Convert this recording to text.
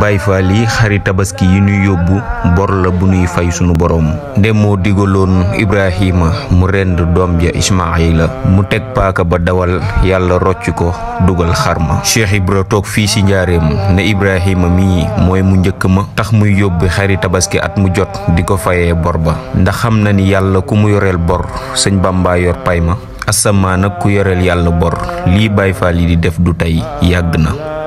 Baay xari tabaski yi nuy yóbbu bor la bu ñuy fay sunu boroom ndem moo digaloon Ibrahima mu rend doom ja Ismaayila mu teg paaka ba dawal yàlla rocc ko dugal xarma Cheikh Ibra toog fii ci njaareem ne Ibrahima mii mooy mu njëkk ma tax muy yóbbu xari tabaski at mu jot di ko fayee bor ba ndax xam na ni yàlla ku mu yoreel bor sëñ Bàmba pay ma asamaan ku yoreel yàlla bor lii Baay Faal di def du tey yàgg na